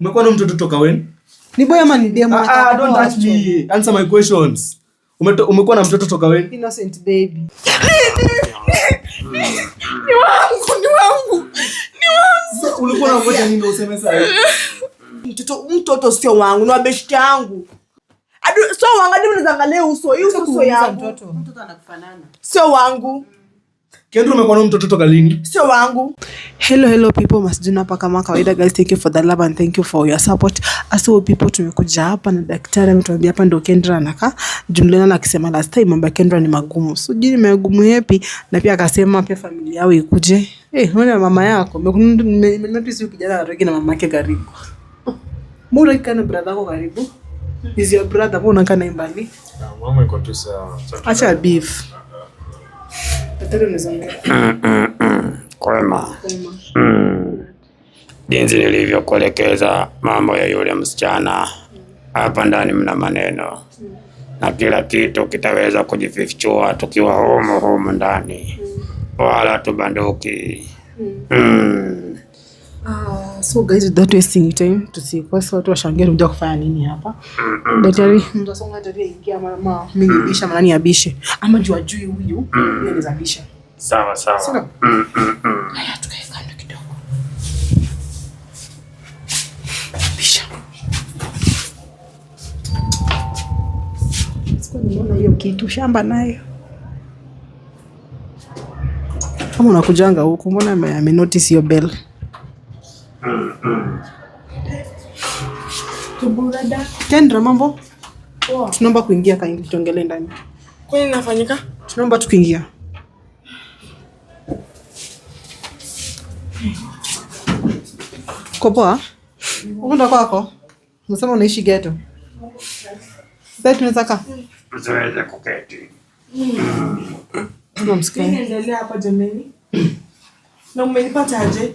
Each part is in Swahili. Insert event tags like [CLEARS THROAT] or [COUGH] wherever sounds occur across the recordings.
Umekuwa na mtoto toka when? Ni boy ama ni dem? Ah, ah, don't touch me. Answer my questions. Umekuwa na mtoto toka when? Innocent baby. Ni wangu, ni wangu. Ni wangu. Ulikuwa unangoja nini useme sasa? Mtoto, mtoto sio wangu, ni wa best yangu. Adu, sio wangu, ndio unaangalia uso. Hiyo uso yangu. Mtoto anakufanana. Sio wangu mtoto toka lini? Sio wangu. Hello hello people, masijuna kama kawaida guys, thank you for the love and thank you for your support. people, tumekuja hapa na daktari hapa ndo Kendra Jumlena na last time Kendra ni magumu. So magumu yapi? Na pia pia familia ikuje. Eh, na mama yako. kijana na mama yake karibu. [LAUGHS] karibu? Is your brother kana imbali? Acha beef. Kwema hmm. jinsi nilivyokuelekeza mambo ya yule msichana hapa ndani mna maneno mm. na kila kitu kitaweza kujifichua tukiwa humu humu ndani mm. wala tubanduki mm. Mm. Oh. So guys, without wasting time, tusikose watu washangia tunakuja kufanya nini hapa. Daktari mtasonga daktari ingia mama mimi bisha manani ya bishe. Ama jua juu huyu yeye anaweza bisha. Sawa sawa. Sawa. Mm, mm, mm. Haya tukae kando kidogo. Bisha. Sikuona hiyo kitu shamba nayo. Kama unakujanga huko, mbona amenotice hiyo bell? Kendra, mambo. Tunaomba kuingia kaingi, tuongelee ndani. Kwani nafanyika? Tunaomba tukiingia. Kopoa, ukunda kwako unasema unaishi ghetto. Sasa tunaweza kaa? Tunaweza kuketi. Tunamsikia. Endelea hapa jameni. Na umenipata aje?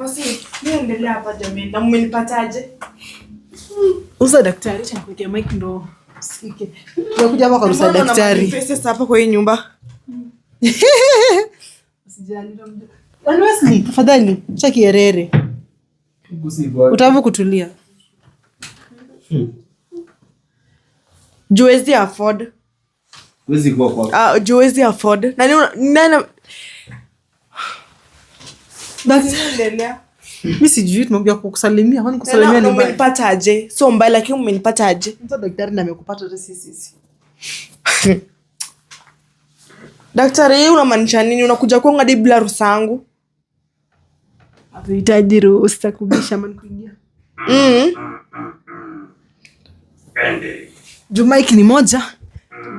Basi, endelea hapa jamani. Na mmenipataje? Uza daktari, acha mic ndo usikike. Nimekuja hapa kwa uza daktari. Pesa hapa kwa hii nyumba. Usijali. [LAUGHS] Yaani tafadhali, cha kierere. Utavu kutulia. Juwezi afford. Ah, juwezi afford. Nani nani Mi sijui tumekuja kukusalimia kwani kusalimia Umenipata aje? Sio mbaya lakini umenipata aje? daktari na amekupata hata [LAUGHS] Daktari, yeye unamaanisha nini? Unakuja kwangu hadi bila ruhusa yangu? Hatuhitaji ruhusa kubisha ama kuingia. Mm. Juma hiki ni moja.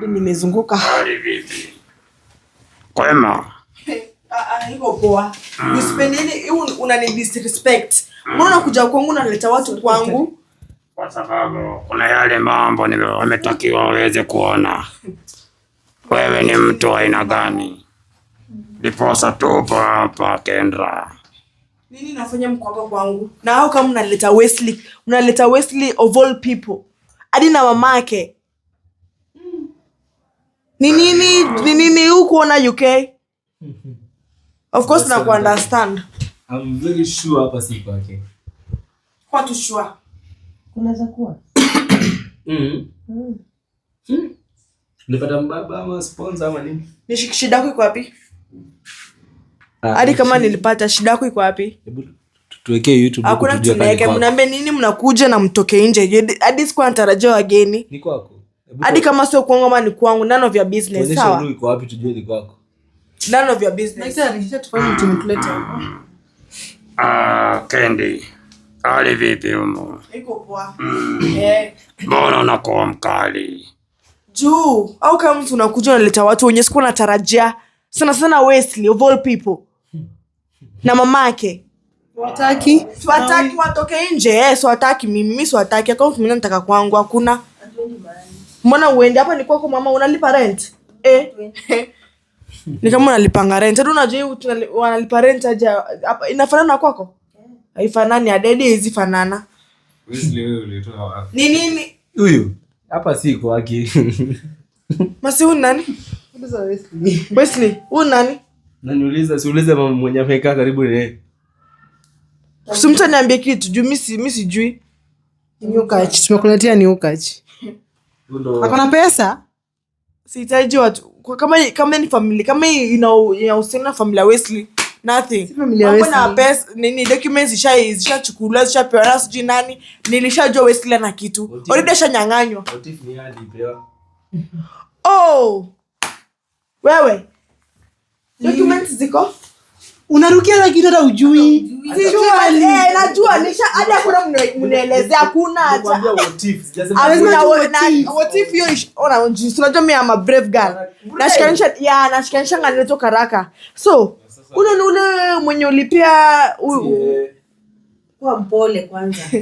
Nimezunguka. Kwema. Ah, ah, Iko poa. Nisipendeni, mm. unani disrespect. Mbona kuja kwangu naleta watu kwangu? Kwa sababu kuna yale mambo wametakiwa waweze kuona wewe ni mtu wa aina gani, ndiposa tupo hapa Kendra. Nini nafanya mko kwangu? Na hao kama unaleta Wesley, unaleta Wesley of all people. Hadi na mamake. Ni nini, ni nini huko na UK? [LAUGHS] of course na kuunderstand I'm very sure hapa si kwake. Kwa tu sure. Kunaweza kuwa. Mhm. Mhm. Mm. Mm. Nipata mbaba ama sponsor ama nini? Ni shida yako iko wapi? Ah, hadi kama nilipata shida yako iko wapi? Hebu tuwekee YouTube. Hakuna tunaweke mnaambia nini mnakuja na mtoke nje. Hadi siku anatarajia wageni. Ni kwako. Hadi kama sio kwangu ama ni kwangu, nano vya business sawa. Iko wapi tujue ni kwako. None of your business. Mm. Mm. Ah, Kendi. vipi Iko poa. Mm. Eh. Mbona unakuwa mkali? Juu, au kama mtu unakuja unaleta watu wenye sikuwa natarajia. Sana sana Wesley of all people. Na mamake. Wataki? Swataki watoke nje. Eh, swataki mimi, kwangu hakuna. Mbona uende hapa ni kwako mama unalipa rent? Eh. [LAUGHS] ni kama unalipanga rent. Hata unajua wanalipa rent aje hapa? Inafanana kwako? Haifanani, adedi hizi fanana. Ni nini huyu hapa? Si kwake. Masi huyu nani? Wesley huyu nani? Naniuliza, siulize mama mwenye amekaa karibu na yeye. Simta niambie kitu juu misi jui Ni ukachi tumekuletea, ni ukachi. Akona pesa Sihitaji watu kwa kama kama ni familia kama inahusiana na familia Wesley nothing. Mambo na pesa nini documents zisha zishachukuliwa zishapewa na sijui nani nilishajua Wesley na kitu. Already ashanyang'anywa. Oh. Wewe. Documents ziko? unarukia na kitu hata ujui. Eh, najua nisha hadi mnaelezea, brave girl, nashikanisha ya nashikanisha karaka. So ule mwenye ulipia mpole kwanza [LAUGHS]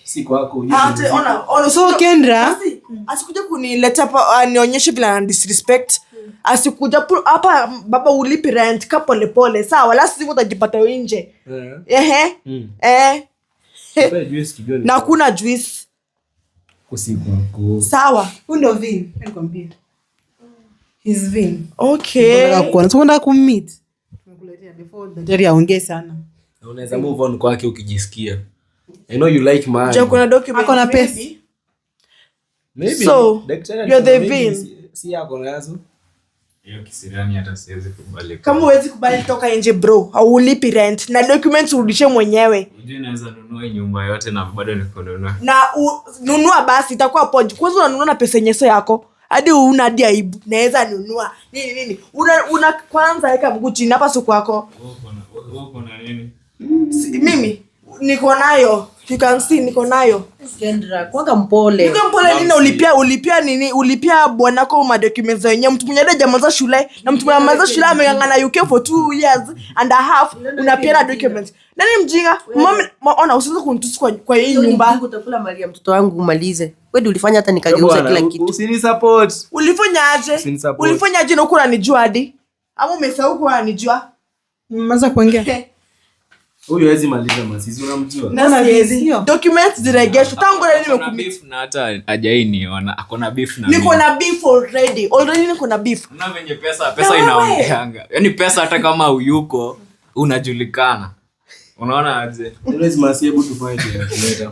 si kwako. Ah, asikuja kunileta anionyeshe ah, vila ana disrespect. Asikuja hapa baba, ulipi rent ka pole sawa? La sisi utajipata nje. Eh. Ehe, hmm. eh, na kuna juice sawa, huyu ndio kwake ukijisikia I know you like Jo kuna document. Ako na pesa. Maybe. So, you're the vin. Si yako nazo. Hiyo kisirani hata siwezi kubali. Kama huwezi kubali toka nje bro, haulipi rent na documents urudishe mwenyewe. Unajua naweza nunua nyumba yote na bado nunua. nunua basi itakuwa poje. Kwanza unanunua na pesa nyeso yako. Hadi una hadi aibu. Naweza nunua. Nini nini? Una, una kwanza weka mguu chini hapa soko yako. Wewe uko na nini? Mimi niko nayo you can see niko nayo Kendra, kwanga mpole. Niko mpole nini ulipia ulipia nini ulipia bwanako ma documents wenyewe mtu mwenye haja maza shule na mtu mwenye maza shule amengangana UK for 2 years and a half unapia na documents. Nani mjinga? Mama ona usianze kunitusi kwa kwa hii nyumba. Utakula mali ya mtoto wangu umalize. Wewe ulifanya hata nikageuza kila kitu. Usini support. Ulifanya aje? Ulifanya aje na uko unanijua hadi? Ama umesahau kwa unanijua? Mmeanza kuongea. [LAUGHS] Huyu hawezi maliza masizi unamjua. Na sio. Documents ziregesho. Tangu leo nimekumit. Na hata ajai ona ako na beef na. Niko na beef already. Already niko na beef. Una mwenye pesa, pesa inaongeanga. Yaani pesa hata kama uyuko, unajulikana. Unaona aje? Always masibu tufanye calculator.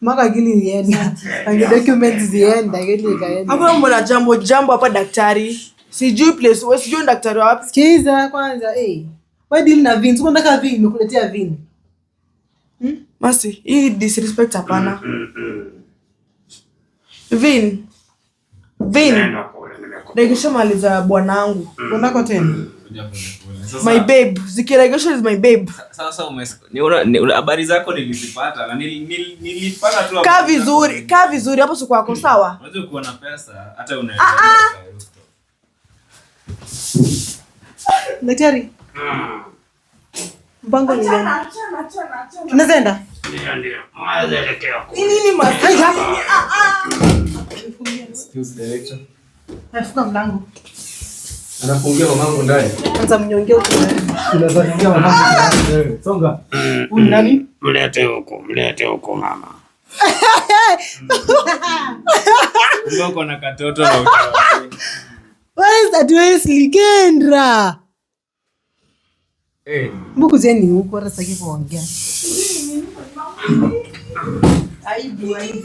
Maka akili ilienda, zienda, [LAUGHS] akili ikaenda. Hapo mbona jambo jambo hapa daktari? Sijui place wewe sijui daktari wapi? Sikiza kwanza eh. Wewe deal na Hmm? Masi, hii disrespect hapana. Ndio kisha maliza bwanangu. Mm. Bwanako tena. Mm my babe zikiregesha is my babe. Sasa habari zako nilizipata na nilipata tu vizuri ka vizuri hapo soko sawa. [CLEARS THROAT] na pesa hata ah, ah. [CLEARS THROAT] Daktari. Mpango ni Ni nini Ah ah. Excuse mlango. Anafungia mamangu ndani. Anza mnyongea Songa. Mm, Huyu mm. nani? Mlete huko, mlete huko mama. Mbona na katoto na utawa. Where's that Wesley Kendra? Eh. Mbuku zeni huko rasa kiko Aibu aibu.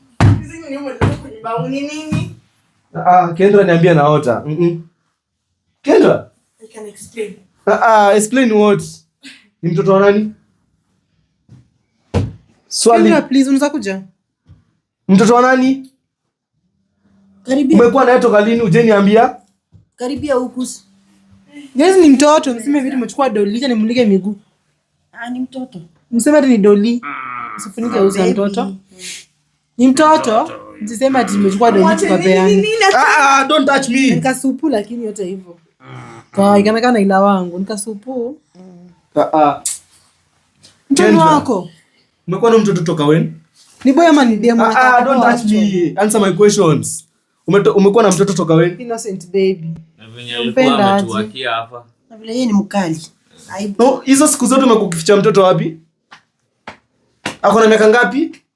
Bauni nini? Ah, ah Kendra niambia naota. Mm -mm. Kendra? I can explain. Ah, ah, explain what? Ni mtoto wa nani? Swali. Kendra, please unaweza kuja? Mtoto wa nani? Karibia. Umekuwa naye toka lini? Uje niambia? Karibia huku. Yes, ni mtoto. Mseme vitu mchukua doli, acha nimulike miguu. Ah, ni mtoto. Mseme ni doli. Usifunike ah, uso mtoto. Ni mtoto msisema ati nimechukua donate tukapeana. Ah ah, don't touch me. lakini yote hivyo. Ah. Kwa ila wangu nikasupu. Ah ah. Mtoto wako. Umekuwa na mtoto toka wen Ni boy ama Ah ah, don't touch me. Answer my questions. Umekuwa na mtoto toka Innocent baby. Na vile mkali. Aibu. No, hizo siku zote umekuficha mtoto wapi? Ako na miaka ngapi?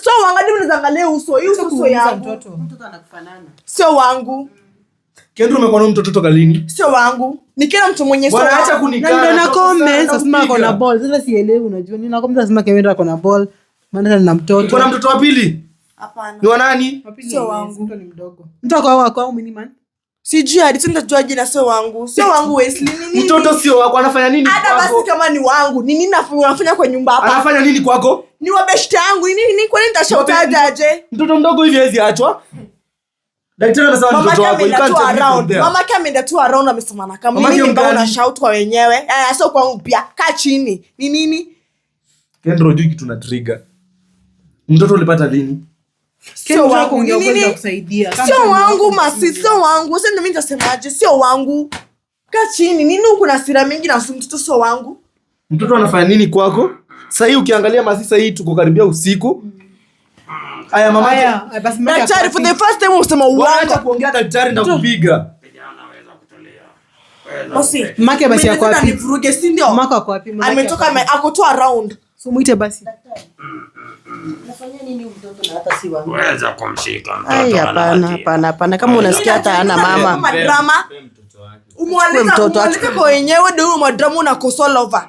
so wangalie, unazangalia uso hii, uso yangu Mtoto anakufanana. sio wangu. Kendra, umekuwa na mtoto toka lini? Sio wangu. Ni kila mtu mwenye sio Bwana Acha kunikana. Na ndio nakome sasa ako na ball. Sasa sielewi unajua. na comment sasa Kendra ako na ball. Maana na mtoto. Uko na mtoto wa pili? Hapana. Ni wa nani? Sio wangu. Mtoto ni mdogo. Mtoto wako wako au mimi man? Sijui hadi sasa nitajua jina sio wangu. Sio wangu Wesley ni nini? Mtoto sio wako anafanya nini kwako? Hata basi kama ni wangu, ni nini anafanya kwa nyumba hapa? Anafanya nini kwako? ni wabeshte yangu ni kwani nitashautajaje? Mtoto mdogo hivi hawezi achwa. Mamake ameenda tu around amesema na kama mimi ndio unashout kwa wenyewe. Eh, sio kwangu pia. Kaa chini. Ni nini? Kendro juu kitu na trigger. Mtoto ulipata lini? Sio wangu, sio wangu masi, sio wangu. Sasa mimi nitasemaje? Sio wangu. Kaa chini. Nini uko na sira mingi na mtoto sio wangu? Mtoto anafanya nini kwako? Sasa hii ukiangalia masisa hii tuko karibia usiku. Mm. Aya mama. Daktari for the first time usema uongo. kuongea daktari basi yako wapi? Si ndio? yako wapi? Ametoka ako tu around. So muite basi. Mm, mm, Weza kumshika mtoto. Ai, hapana, hapana, hapana. Kama unasikia hata ana mama. Umwalika mtoto wenyewe ndio madrama unakosola over.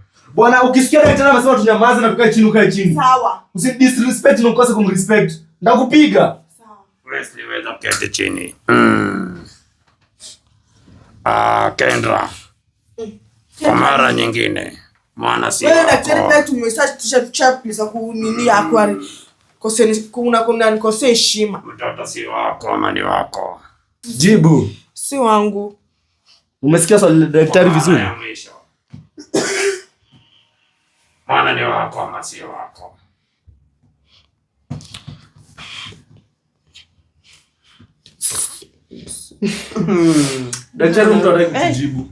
Bwana, ukisikia daktari anasema tunyamaze na tukae chini, ukae chini. Sawa. Usi disrespect na ukose kumrespect. Ndakupiga. Sawa. Wesley, weza kete chini. Mm. Ah, Kendra. Mm. Kwa mara nyingine. Mwana si. Wewe daktari pia tumesearch t-shirt chap ni za kunini ari. Kose kuna kuna nikose heshima. Mtoto si wako ama ni wako? Jibu. Si wangu. Umesikia swali daktari vizuri? maana ni wako ama sio wako. Daktari, mtu anataka eh. kujibu.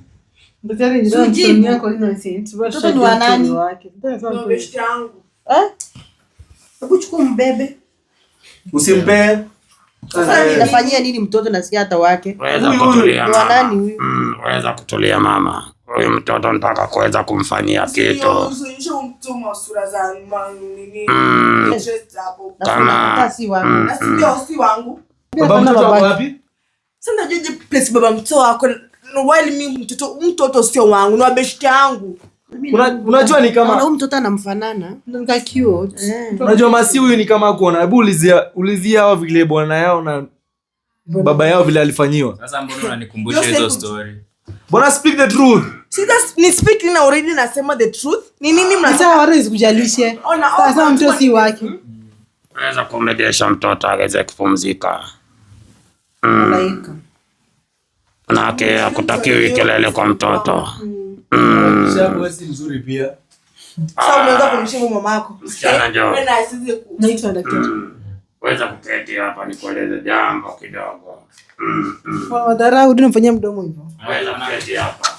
Eh? mbebe. Usimpe. Sasa nini mtoto nasikia hata wake? Weza kutulia mama. Mm, weza kutulia mama huyu mtoto mpaka kuweza kumfanyia kitu mm. mtoto sio wangu, ni yangu. Unajua ni kama mtoto anamfanana, eh. unajua masi huyu ni kama kuona. Hebu ulizia hao vile bwana yao na baba yao vile alifanyiwa. Sasa mbona unanikumbusha hizo story? Bwana, speak the truth. Speak na already nasema the truth. Ni nini oh, oh, mtoto si wake. Hmm? Naweza kumrejesha mtoto aweze kupumzika. Hmm. Manake hakutakiwi kelele kwa mtoto. Hmm. Weza kuketi hapa nikueleze jambo kidogo. Wadharau, unafanyia mdomo hivyo. kuketi hapa.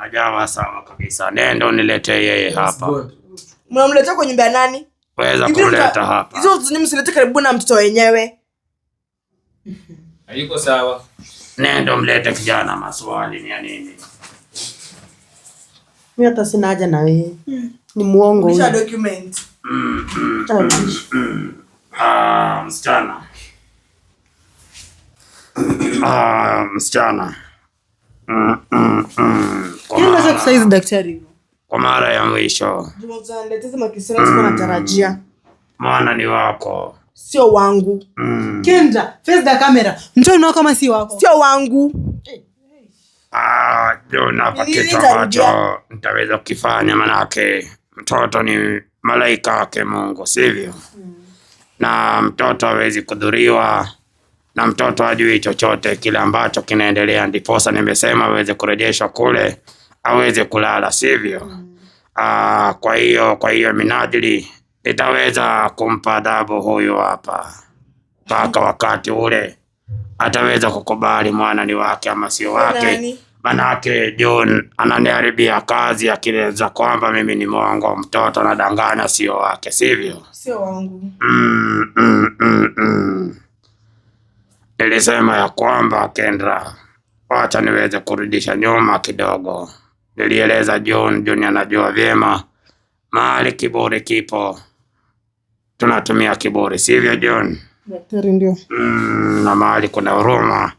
Ajawa sawa kabisa, Nenda unilete yeye hapa. Mnamletea kwa nyumba ya nani? Weza kuleta hapa. Hizo zini msilete karibu na mtoto wenyewe. [LAUGHS] Hayuko sawa. Nenda mlete kijana, maswali ni ya nini? Mimi hata sina haja na wewe. Ni muongo huyo. document. Mm, mm, mm, ah, msichana. [COUGHS] Ah, msichana. Mm, mm, mm. Yaani kwa mara ya mwisho mwana mm. ni wako, sio wangu. Mm. Kenda face the camera, mtono kama si wako, sio wangu. Ah, Jona, kitu ambacho nitaweza kukifanya, manake mtoto ni malaika wake Mungu, sivyo? Mm. Na mtoto hawezi kudhuriwa na mtoto hajui chochote kile ambacho kinaendelea, ndiposa nimesema aweze kurejeshwa kule aweze kulala, sivyo? mm. Ah, kwa hiyo kwa hiyo minajili itaweza kumpa adabu huyu hapa mpaka wakati ule ataweza kukubali mwana ni wake ama sio wake. Manake John ananiharibia kazi akileza kwamba mimi ni mwangu, mtoto nadanganya, sio wake, sivyo? Sio wangu. mm, mm, mm, mm. ya kwamba Kendra, wacha niweze kurudisha nyuma kidogo. Nilieleza John. John anajua vyema mahali kiburi kipo, tunatumia kiburi, sivyo John? Daktari, ndio. Mm, na mahali kuna huruma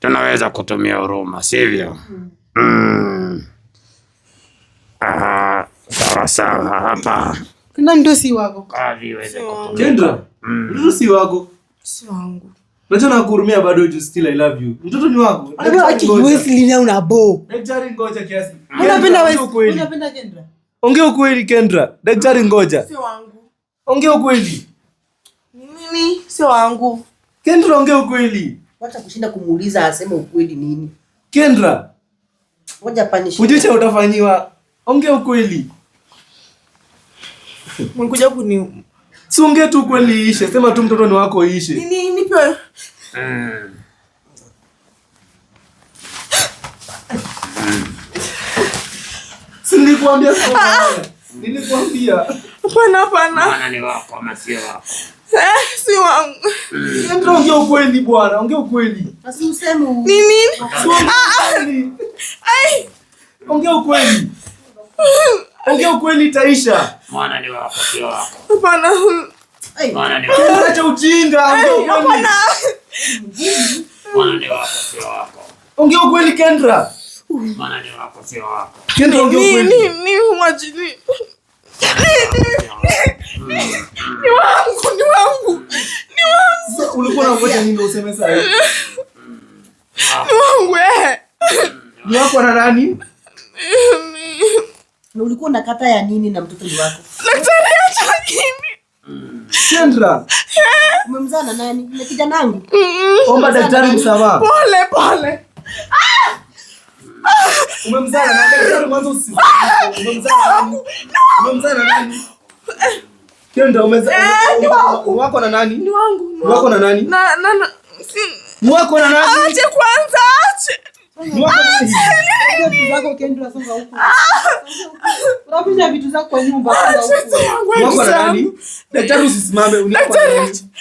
tunaweza kutumia huruma, sivyo? mm. Mm. Aha, sawa sawa, hapa kuna mdosi wako. Ah, viweze kutumika. Kendra, mm. mdosi wako. Si wangu. Unajua nakuhurumia bado you still I love you. Mtoto ni wako. Unajua aki Wesley leo una bo. Daktari ngoja kiasi. Unapenda Wesley. Unapenda Kendra. Ongea ukweli Kendra. Daktari ngoja. Sio wangu. Ongea ukweli. Mimi sio wangu. Kendra ongea ukweli. Wacha kushinda kumuuliza aseme ukweli nini. Kendra. Ngoja panishi. Ujiche utafanyiwa. Ongea ukweli. Mlikuja kuni. Si ongea tu ukweli ishe. Sema tu mtoto ni wako ishe. Nini? hivyo mm. Nilikuambia ah, ah. nilikuambia, pana pana, ni wako ama sio wako? Eh, si wangu. Ndio, ongea ukweli bwana, ongea ukweli. Usiuseme nini, ah, ongea ukweli, [LAUGHS] ongea ukweli, itaisha. Mwana ni wako sio wako? Hapana. Acha ujinga, ongea ukweli Kendra. Ulikuwa unangoja nini useme sasa? Eh. Ni wako na nani? Ulikuwa unakata ya nini na mtoto wako? Daktari, acha mimi. Sandra. Umemzaa na nani? Ni kijana wangu. Omba daktari msamaha. Pole pole. Umemzaa na Daktari mwanzo usi. Ah! Umemzaa na nani? Umemzaa na nani? Eh, wako na nani? Ni wangu. Wako na nani? Na na si. Wako na nani? Ache kwanza, ache. Daktari, usisimame,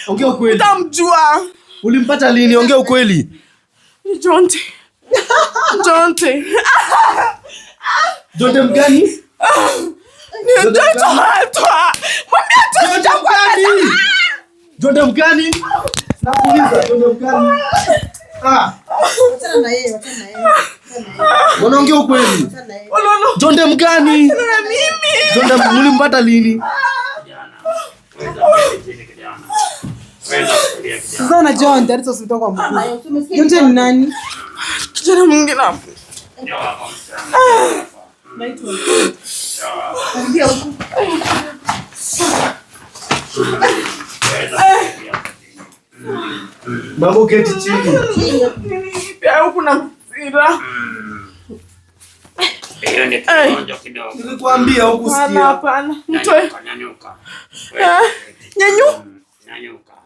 ongea ukweli. Utamjua. Ulimpata lini? Ongea ukweli. Jonte. Jonte. Jonte mgani? Jonte mgani? Jonte mgani? Ah. Wanaongea ukweli. Jonde mgani? Jonde mlimpata lini? Sasa na Jonde alisositoka kwa mkuu. Jonde ni nani? Kijana mwingine hapo. Naitwa. Babu, keti chini. Huku na hasira. Nilikwambia huku sikia. Hapana. Mtoe. Nyanyuka. Nyanyuka. Ah, mm,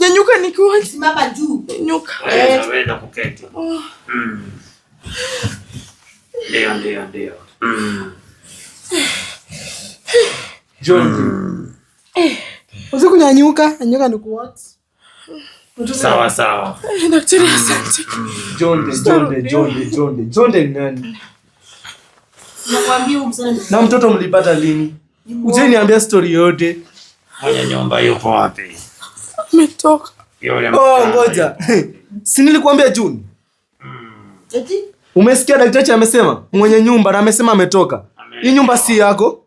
nyanyuka nikiwa simama juu. Nyanyuka. Eh. Unaweza kuketi. Oh. Mm. Ndio, ndio, ndio. Mm. John. Eh. Usiku nyanyuka, nyanyuka ni what? Sawa sawa. [LAUGHS] Daktari mm. asante. Jonde, Jonde, Jonde, Jonde. Jonde nani? Na mtoto mlipata lini? Uje niambia story yote. Mwenye nyumba yuko wapi? Ametoka. Oh, ngoja. [LAUGHS] Si nilikuambia June. Umesikia daktari amesema mwenye nyumba na amesema ametoka. Hii nyumba si yako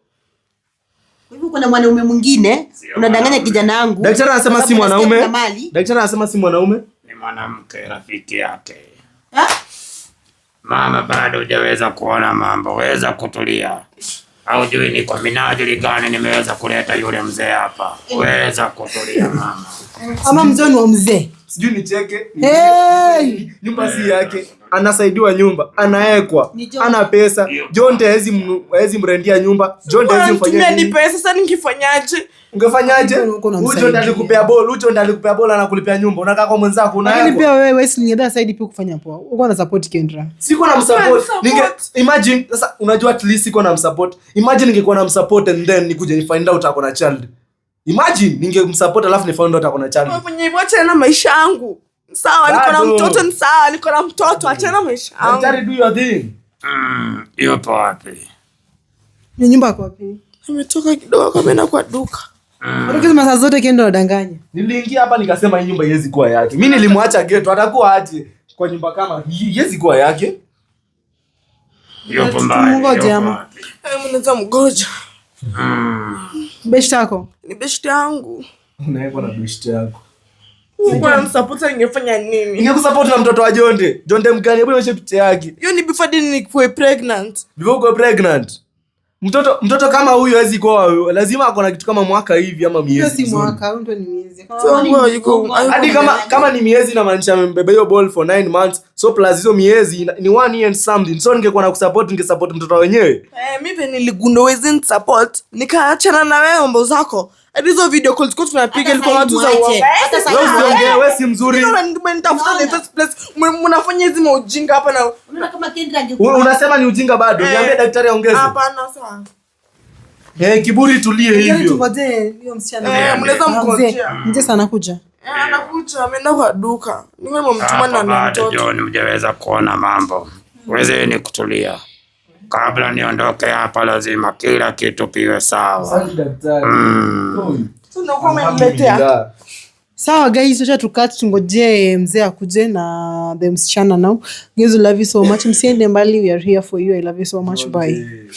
kuna mwanaume mwingine unadanganya kijana wangu. Daktari anasema si mwanaume. Daktari anasema si mwanaume, ni mwanamke rafiki yake. Mama, bado hujaweza kuona mambo, weza kutulia. Haujui ni kwa minajili gani nimeweza kuleta yule mzee hapa, weza kutulia mama. Ama mzee ni wa mzee sijui nicheke ni hey! nyumba si yake, anasaidiwa nyumba, anaekwa, ana pesa. john Jonte hawezi mrendia nyumba, Jonte hawezi mfanyia ni pesa sasa, ningefanyaje? Ungefanyaje? Huyo Jonte alikupea ball, huyo Jonte alikupea ball, anakulipia nyumba, unakaa kwa mwenzako, unaekwa. Lakini pia wewe wewe, si ningedai saidi pia kufanya poa, uko na support Kendra, siko na msupport. Ninge imagine sasa, unajua at least siko na msupport. Imagine ningekuwa na msupport and then nikuje ni find out ako na child Imagine ningemsupport alafu ni found out akona challenge. Hapo nyewe acha na maisha yangu. Sawa, niko na mtoto ni sawa, niko na mtoto acha na maisha yangu. Daktari, do your thing. Mm, hiyo pa wapi? Ni nyumba kwa wapi? Nimetoka kidogo kwa mena kwa duka. Mm. saa zote kienda unadanganya. Niliingia hapa nikasema hii nyumba iwezi kuwa yake. Mimi nilimwacha geto atakuwa aje kwa nyumba kama hii iwezi kuwa yake. Hiyo pomba. Mungu jamaa. Mnaweza mgoja. Mm. Beshte yako ni beshte yangu, unawekwa na beshte yako namsapota ningefanya nini? Ningekusapota na mtoto wa Jonde. Jonde mkali, hebu nionyeshe picha yake. Hiyo ni before dini nikuwe pregnant. Before uko pregnant Mtoto mtoto kama huyu hawezi kuoa, lazima ako na kitu kama mwaka hivi ama miezi. Hadi kama kama ni miezi inamaanisha amembeba hiyo ball for 9 months, so plus hizo miezi ni one year and something. So ningekuwa na kusupport, ningesupport mtoto wenyewe. Eh, mimi niligundowezi support, nikaachana na wewe mambo zako hizo video calls tulikuwa tunapiga ilikuwa watu za uongo. Hata sasa wewe wewe si mzuri. Mnanitafuta the first place, mnafanya hizi maujinga hapa na unaona kama Kendra angekuwa. Unasema ni ujinga bado. Eh. Niambie daktari aongeze. Hapana sawa. Eh, kiburi tulie hivyo. Tungoje hiyo msichana. Eh, mnaweza mkongojea. Mzee sana kuja. Eh, anakuja ameenda kwa duka. Ni wewe mtumana na mtoto. Ndio hujaweza kuona mambo. Uweze ni kutulia kabla niondoke hapa, lazima kila kitu piwe sawa. Mm. Sawa guys, acha tukati tungoje mzee akuje na the msichana now. Guys, love you so much. Msiende mbali, we are here for you. I love you so much. Bye.